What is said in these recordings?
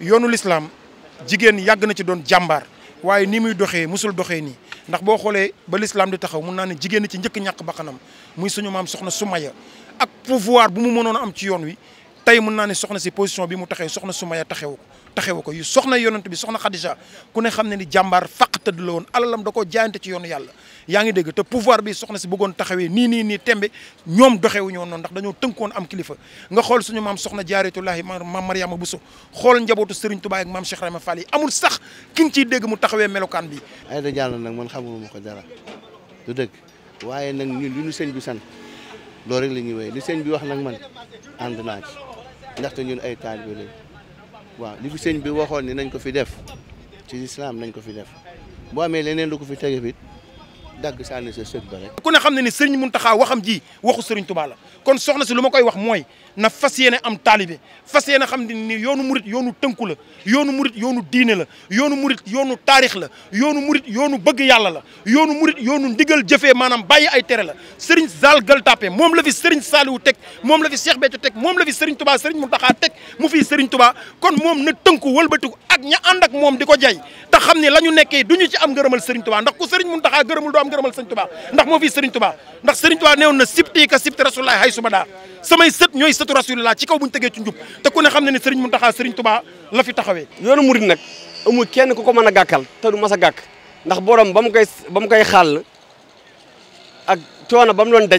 yoonu lislaam jigéen yàgg na ci doon jàmbaar waaye ni muy doxee musul doxee nii ndax boo xoolee ba lislaam di taxaw mun naa ne jigéen ci njëkk ñàkk bakkanam muy suñu maam soxna Sumaya ak pouvoir bu mu mënoon am ci yoon wi tey mën naa ne soxna si position bi mu taxee soxna Sumaya taxewu ko taxewu ko yu soxna yonent bi soxna Xadija ku ne xam ne ni jàmbaar faq tëdd la woon alalam da jaayante ci yoonu yàlla yaa ngi dégg te pouvoir bi soxna si bëggoon taxawee nii nii nii tembe ñoom doxewu ñoon noonu ndax dañoo tënkoon am kilifa nga xool suñu maam soxna jaaritullahi ma bu Bousso xool njabootu Serigne Touba ak maam Cheikh ma Fall yi amul sax ki nga ciy dégg mu taxawee melokaan bi ay da jàll nag man xamuluma ko dara du dëgg waaye nag ñun li ñu sëñ bi sant loolu rek la ñuy wéy li sëñ bi wax nag man ànd naa ci ndaxte ñun ay taalibe lañ waaw li fi sëñ bi waxoon ni nañ ko fi def ci lislaam nañ ko fi def boo amee leneen lu ko fi tege it dagg sànni sa sët ba rek ku ne xam ne ni sëriñ Muntaxa waxam ji waxu sëriñ Tuubaa la kon soxna si lu ma koy wax mooy na fas yéene am taalibe fas yéene xam ne ni yoonu murit yoonu tënku la yoonu murit yoonu diine la yoonu murit yoonu taarix la yoonu murit yoonu bëgg yàlla la yoonu murit yoonu ndigal jëfee maanaam bàyyi ay tere la sëriñ Zal Galtapé moom la fi sëriñ Saaliwu teg moom la fi Cheikh Béthio teg moom la fi sëriñ Tuubaa sëriñ Muntaxa teg mu fii sëriñ Tuubaa kon moom na tënku wëlbatiku ak ña ànd ak moom di ko jay te xam ne la ñu nekkee du ñu ci am ngërëmal Serigne Touba ndax ku Serigne Mountakha gërëmul doo am ngërëmal Serigne Touba ndax moo fi Serigne Touba ndax Serigne Touba neewoon na sibti ka sibti rasulullah hay suma daa samay sët ñooy sëtu rasulullah ci kaw buñu tegee ci nag amul kenn ku ko mën a gàkkal te du mas a gàkk ndax borom ba mu koy ba mu koy xàll ak coono ba mu doon daj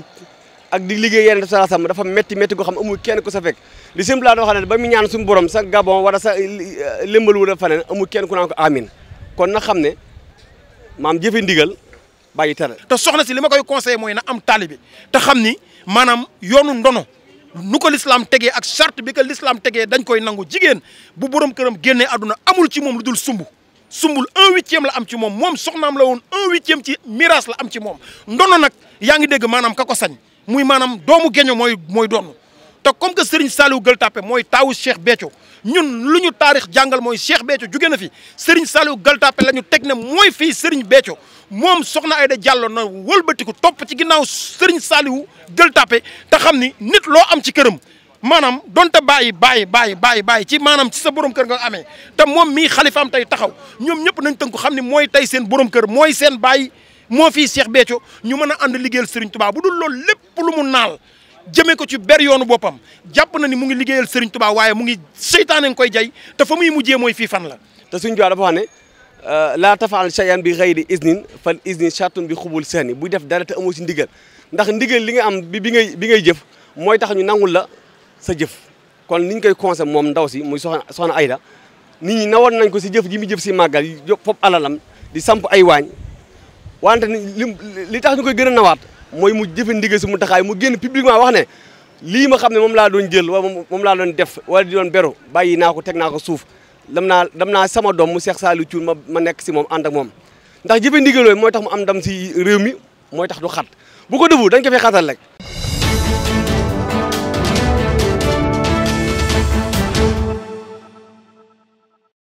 ak di liggéey yeneen sa sam dafa métti métti goo xam amul kenn ku sa fekk li simple laa doo xam ne ba mu ñaan suñu borom sa gabon wala sa lëmbalu wala faneen amul kenn ku naan ko amin kon na xam ne maam jëfe ndigal bàyyi tere te soxna si li ma koy conseillé mooy na am taalibe te xam ni maanaam yoonu ndono nu ko lislaam tegee ak charte bi ko lislaam tegee dañ koy nangu jigéen bu borom këram génnee àdduna amul ci moom lu dul sumb sumbul un huitième la am ci moom moom soxnaam la woon un huitième ci miraas la am ci moom ndono nag yaa ngi dégg maanaam ka ko sañ muy maanaam doomu geño mooy mooy doon te comme que Serigne Saliou Gueule mooy taawu Cheikh Béthio ñun lu ñu taarix jàngal mooy Cheikh Béthio jóge na fi Serigne Saliou Gueule Tapée la ñu teg ne mooy fii Serigne Béthio moom soxna Aïda Diallo na wëlbatiku topp ci ginnaaw Serigne Saliou Gueule Tapée te xam ni nit loo am ci këram maanaam donte bàyyi bàyyi bàyyi bàyyi bàyyi ci maanaam ci sa borom kër nga amee te moom mii xalifaam tey taxaw ñoom ñëpp nañ tënku xam ne mooy tey seen borom kër mooy seen baay moo fii Cheikh Béthio ñu mën a ànd liggéeyal Serigne Touba bu dul loolu lépp lu mu naal jëmee ko ci ber yoonu boppam jàpp na ni mu ngi liggéeyal Serigne Touba waaye mu ngi seytaane nga koy jay te fa mu mujjee mooy fii fan la. te suñu dafa wax ne euh, laa tafaal shay'an bi ghayri iznin fal izni shartun bi xubul sani buy def dara te amoo ci ndax ndigal li nga am bi bi ngay bi ngay jëf mooy tax ñu nangul la sa jëf. kon niñ koy conseil moom ndaw si muy soxna soxna Aida nit ñi nawoon nañ ko si jëf ji mu jëf si màggal yi fop alalam di samp ay waañ wante li tax ñu koy gën a nawaat. mooy mu jëfe ndigal si mu taxaay mu génn publiquement wax ne lii ma xam ne moom laa doon jël wala moom laa doon def wala doon beru bàyyi naa ko teg naa ko suuf dam naa dam naa sama doom mu Cheikh Saliou ma ma nekk si moom ànd ak moom ndax jëfe ndigal yooyu mooy tax mu am ndam si réew mi mooy tax du xat bu ko defu dañ ko fay xatal rek